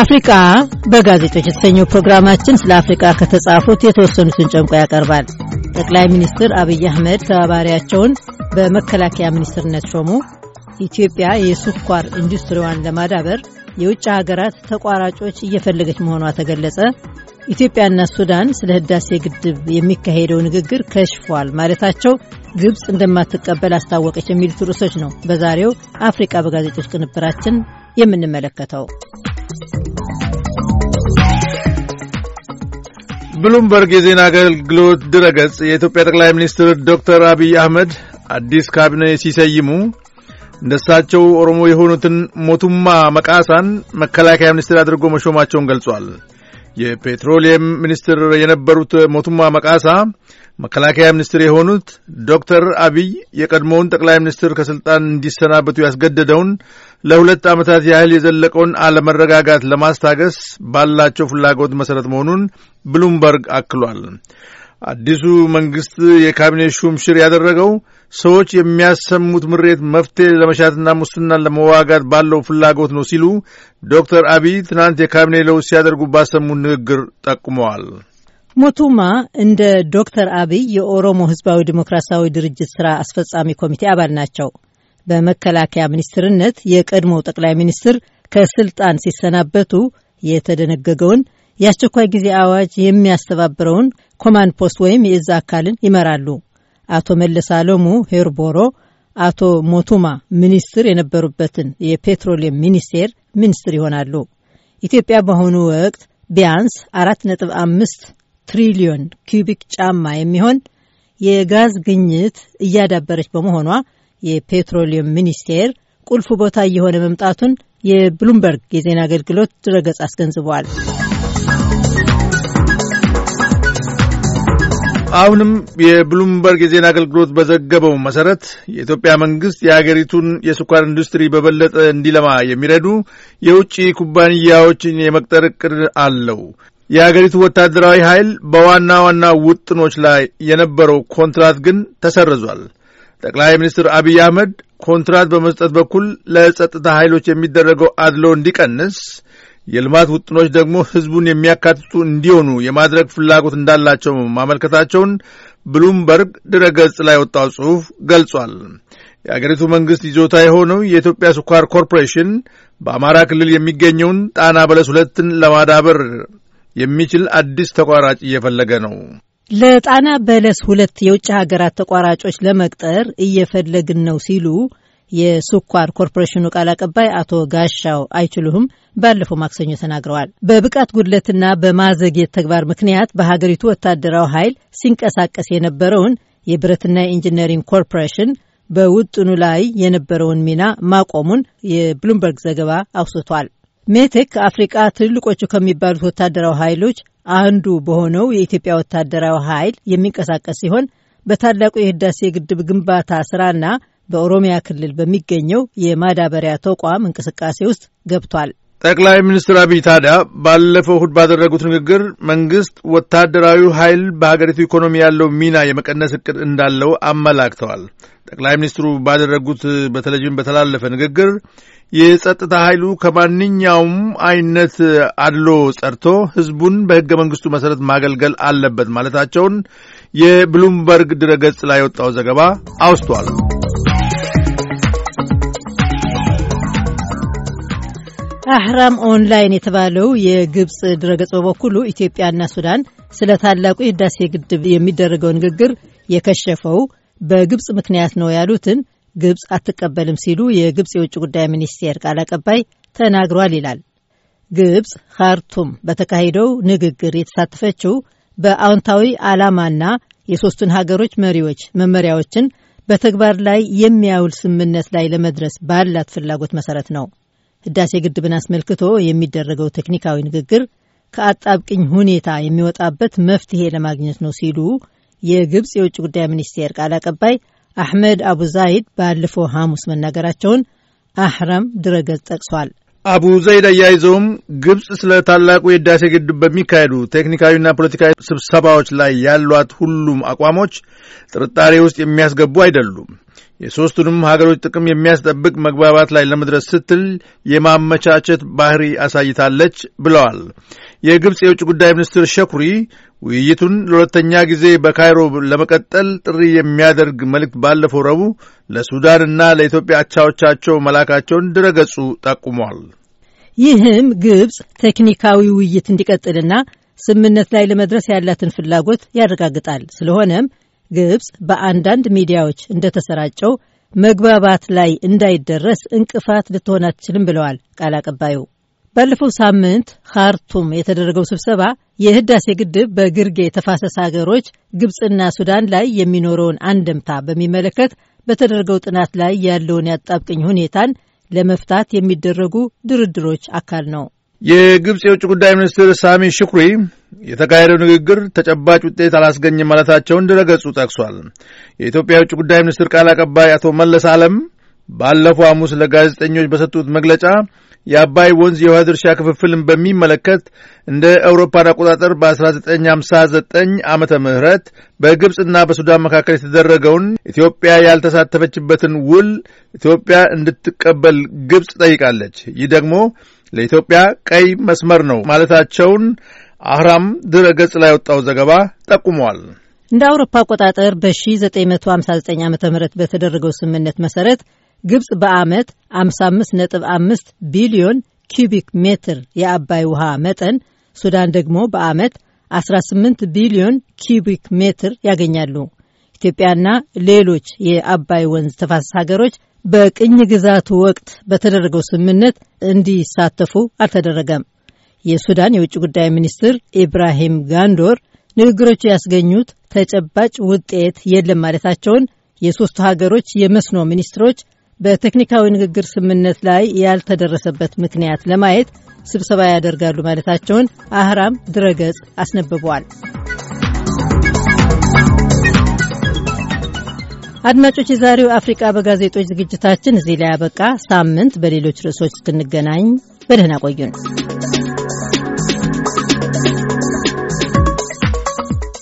አፍሪካ በጋዜጦች የተሰኘው ፕሮግራማችን ስለ አፍሪካ ከተጻፉት የተወሰኑትን ጨምቆ ያቀርባል። ጠቅላይ ሚኒስትር አብይ አህመድ ተባባሪያቸውን በመከላከያ ሚኒስትርነት ሾሙ፣ ኢትዮጵያ የስኳር ኢንዱስትሪዋን ለማዳበር የውጭ ሀገራት ተቋራጮች እየፈለገች መሆኗ ተገለጸ፣ ኢትዮጵያና ሱዳን ስለ ህዳሴ ግድብ የሚካሄደው ንግግር ከሽፏል ማለታቸው ግብፅ እንደማትቀበል አስታወቀች የሚሉት ርዕሶች ነው በዛሬው አፍሪቃ በጋዜጦች ቅንብራችን የምንመለከተው። ብሉምበርግ የዜና አገልግሎት ድረገጽ የኢትዮጵያ ጠቅላይ ሚኒስትር ዶክተር አብይ አህመድ አዲስ ካቢኔ ሲሰይሙ እንደሳቸው ኦሮሞ የሆኑትን ሞቱማ መቃሳን መከላከያ ሚኒስትር አድርጎ መሾማቸውን ገልጿል። የፔትሮሊየም ሚኒስትር የነበሩት ሞቱማ መቃሳ መከላከያ ሚኒስትር የሆኑት ዶክተር አብይ የቀድሞውን ጠቅላይ ሚኒስትር ከስልጣን እንዲሰናበቱ ያስገደደውን ለሁለት ዓመታት ያህል የዘለቀውን አለመረጋጋት ለማስታገስ ባላቸው ፍላጎት መሠረት መሆኑን ብሉምበርግ አክሏል። አዲሱ መንግሥት የካቢኔ ሹም ሽር ያደረገው ሰዎች የሚያሰሙት ምሬት መፍትሔ ለመሻትና ሙስናን ለመዋጋት ባለው ፍላጎት ነው ሲሉ ዶክተር አብይ ትናንት የካቢኔ ለውጥ ሲያደርጉ ባሰሙት ንግግር ጠቁመዋል። ሞቱማ እንደ ዶክተር አብይ የኦሮሞ ህዝባዊ ዲሞክራሲያዊ ድርጅት ስራ አስፈጻሚ ኮሚቴ አባል ናቸው። በመከላከያ ሚኒስትርነት የቀድሞው ጠቅላይ ሚኒስትር ከስልጣን ሲሰናበቱ የተደነገገውን የአስቸኳይ ጊዜ አዋጅ የሚያስተባብረውን ኮማንድ ፖስት ወይም የእዝ አካልን ይመራሉ። አቶ መለስ አለሙ ሄርቦሮ አቶ ሞቱማ ሚኒስትር የነበሩበትን የፔትሮሊየም ሚኒስቴር ሚኒስትር ይሆናሉ። ኢትዮጵያ በአሁኑ ወቅት ቢያንስ አራት ነጥብ አምስት ትሪሊዮን ኪዩቢክ ጫማ የሚሆን የጋዝ ግኝት እያዳበረች በመሆኗ የፔትሮሊየም ሚኒስቴር ቁልፍ ቦታ እየሆነ መምጣቱን የብሉምበርግ የዜና አገልግሎት ድረገጽ አስገንዝበዋል። አሁንም የብሉምበርግ የዜና አገልግሎት በዘገበው መሰረት የኢትዮጵያ መንግስት የአገሪቱን የስኳር ኢንዱስትሪ በበለጠ እንዲለማ የሚረዱ የውጭ ኩባንያዎችን የመቅጠር እቅድ አለው። የአገሪቱ ወታደራዊ ኃይል በዋና ዋና ውጥኖች ላይ የነበረው ኮንትራት ግን ተሰርዟል። ጠቅላይ ሚኒስትር አብይ አህመድ ኮንትራት በመስጠት በኩል ለጸጥታ ኃይሎች የሚደረገው አድሎ እንዲቀንስ፣ የልማት ውጥኖች ደግሞ ሕዝቡን የሚያካትቱ እንዲሆኑ የማድረግ ፍላጎት እንዳላቸው ማመልከታቸውን ብሉምበርግ ድረገጽ ላይ ወጣው ጽሑፍ ገልጿል። የአገሪቱ መንግሥት ይዞታ የሆነው የኢትዮጵያ ስኳር ኮርፖሬሽን በአማራ ክልል የሚገኘውን ጣና በለስ ሁለትን ለማዳበር የሚችል አዲስ ተቋራጭ እየፈለገ ነው። ለጣና በለስ ሁለት የውጭ ሀገራት ተቋራጮች ለመቅጠር እየፈለግን ነው ሲሉ የስኳር ኮርፖሬሽኑ ቃል አቀባይ አቶ ጋሻው አይችሉህም ባለፈው ማክሰኞ ተናግረዋል። በብቃት ጉድለትና በማዘግየት ተግባር ምክንያት በሀገሪቱ ወታደራዊ ኃይል ሲንቀሳቀስ የነበረውን የብረትና የኢንጂነሪንግ ኮርፖሬሽን በውጥኑ ላይ የነበረውን ሚና ማቆሙን የብሉምበርግ ዘገባ አውስቷል። ሜቴክ አፍሪቃ ትልልቆቹ ከሚባሉት ወታደራዊ ኃይሎች አንዱ በሆነው የኢትዮጵያ ወታደራዊ ኃይል የሚንቀሳቀስ ሲሆን በታላቁ የህዳሴ ግድብ ግንባታ ስራና በኦሮሚያ ክልል በሚገኘው የማዳበሪያ ተቋም እንቅስቃሴ ውስጥ ገብቷል። ጠቅላይ ሚኒስትር አብይ ታዲያ ባለፈው እሁድ ባደረጉት ንግግር መንግስት ወታደራዊ ኃይል በሀገሪቱ ኢኮኖሚ ያለው ሚና የመቀነስ እቅድ እንዳለው አመላክተዋል። ጠቅላይ ሚኒስትሩ ባደረጉት በቴሌቪዥን በተላለፈ ንግግር የጸጥታ ኃይሉ ከማንኛውም አይነት አድሎ ጸድቶ ህዝቡን በሕገ መንግሥቱ መሠረት ማገልገል አለበት ማለታቸውን የብሉምበርግ ድረገጽ ላይ የወጣው ዘገባ አውስቷል። አህራም ኦንላይን የተባለው የግብፅ ድረገጽ በበኩሉ ኢትዮጵያና ሱዳን ስለ ታላቁ የህዳሴ ግድብ የሚደረገው ንግግር የከሸፈው በግብፅ ምክንያት ነው ያሉትን ግብፅ አትቀበልም ሲሉ የግብፅ የውጭ ጉዳይ ሚኒስቴር ቃል አቀባይ ተናግሯል ይላል። ግብፅ ካርቱም በተካሄደው ንግግር የተሳተፈችው በአዎንታዊ ዓላማና የሦስቱን ሀገሮች መሪዎች መመሪያዎችን በተግባር ላይ የሚያውል ስምምነት ላይ ለመድረስ ባላት ፍላጎት መሰረት ነው። ህዳሴ ግድብን አስመልክቶ የሚደረገው ቴክኒካዊ ንግግር ከአጣብቅኝ ሁኔታ የሚወጣበት መፍትሄ ለማግኘት ነው ሲሉ የግብፅ የውጭ ጉዳይ ሚኒስቴር ቃል አቀባይ አሕመድ አቡ ዛይድ ባለፈው ሐሙስ መናገራቸውን አህረም ድረገጽ ጠቅሷል። አቡ ዘይድ አያይዘውም ግብፅ ስለ ታላቁ የህዳሴ ግድብ በሚካሄዱ ቴክኒካዊና ፖለቲካዊ ስብሰባዎች ላይ ያሏት ሁሉም አቋሞች ጥርጣሬ ውስጥ የሚያስገቡ አይደሉም። የሦስቱንም ሀገሮች ጥቅም የሚያስጠብቅ መግባባት ላይ ለመድረስ ስትል የማመቻቸት ባህሪ አሳይታለች ብለዋል። የግብፅ የውጭ ጉዳይ ሚኒስትር ሸኩሪ ውይይቱን ለሁለተኛ ጊዜ በካይሮ ለመቀጠል ጥሪ የሚያደርግ መልእክት ባለፈው ረቡዕ ለሱዳንና ለኢትዮጵያ አቻዎቻቸው መላካቸውን ድረገጹ ጠቁሟል። ይህም ግብፅ ቴክኒካዊ ውይይት እንዲቀጥልና ስምምነት ላይ ለመድረስ ያላትን ፍላጎት ያረጋግጣል። ስለሆነም ግብፅ በአንዳንድ ሚዲያዎች እንደተሰራጨው መግባባት ላይ እንዳይደረስ እንቅፋት ልትሆን አትችልም ብለዋል ቃል አቀባዩ። ባለፈው ሳምንት ካርቱም የተደረገው ስብሰባ የህዳሴ ግድብ በግርጌ ተፋሰስ ሀገሮች ግብፅና ሱዳን ላይ የሚኖረውን አንድምታ በሚመለከት በተደረገው ጥናት ላይ ያለውን ያጣብቅኝ ሁኔታን ለመፍታት የሚደረጉ ድርድሮች አካል ነው። የግብፅ የውጭ ጉዳይ ሚኒስትር ሳሚ ሽኩሪ የተካሄደው ንግግር ተጨባጭ ውጤት አላስገኝም ማለታቸውን ድረገጹ ጠቅሷል። የኢትዮጵያ የውጭ ጉዳይ ሚኒስትር ቃል አቀባይ አቶ መለስ አለም ባለፈው ሐሙስ ለጋዜጠኞች በሰጡት መግለጫ የአባይ ወንዝ የውሃ ድርሻ ክፍፍልን በሚመለከት እንደ አውሮፓን አቆጣጠር በ1959 ዓመተ ምህረት በግብፅና በሱዳን መካከል የተደረገውን ኢትዮጵያ ያልተሳተፈችበትን ውል ኢትዮጵያ እንድትቀበል ግብፅ ጠይቃለች። ይህ ደግሞ ለኢትዮጵያ ቀይ መስመር ነው ማለታቸውን አህራም ድረ ገጽ ላይ ወጣው ዘገባ ጠቁመዋል። እንደ አውሮፓ አቆጣጠር በ1959 ዓ ም በተደረገው ስምምነት መሠረት ግብፅ በዓመት 55.5 ቢሊዮን ኪቢክ ሜትር የአባይ ውሃ መጠን፣ ሱዳን ደግሞ በዓመት 18 ቢሊዮን ኪቢክ ሜትር ያገኛሉ። ኢትዮጵያና ሌሎች የአባይ ወንዝ ተፋሰስ ሀገሮች በቅኝ ግዛቱ ወቅት በተደረገው ስምምነት እንዲሳተፉ አልተደረገም። የሱዳን የውጭ ጉዳይ ሚኒስትር ኢብራሂም ጋንዶር ንግግሮቹ ያስገኙት ተጨባጭ ውጤት የለም ማለታቸውን የሦስቱ ሀገሮች የመስኖ ሚኒስትሮች በቴክኒካዊ ንግግር ስምምነት ላይ ያልተደረሰበት ምክንያት ለማየት ስብሰባ ያደርጋሉ ማለታቸውን አህራም ድረገጽ አስነብበዋል። አድማጮች፣ የዛሬው አፍሪቃ በጋዜጦች ዝግጅታችን እዚህ ላይ ያበቃ። ሳምንት በሌሎች ርዕሶች እስክንገናኝ በደህና ቆዩን።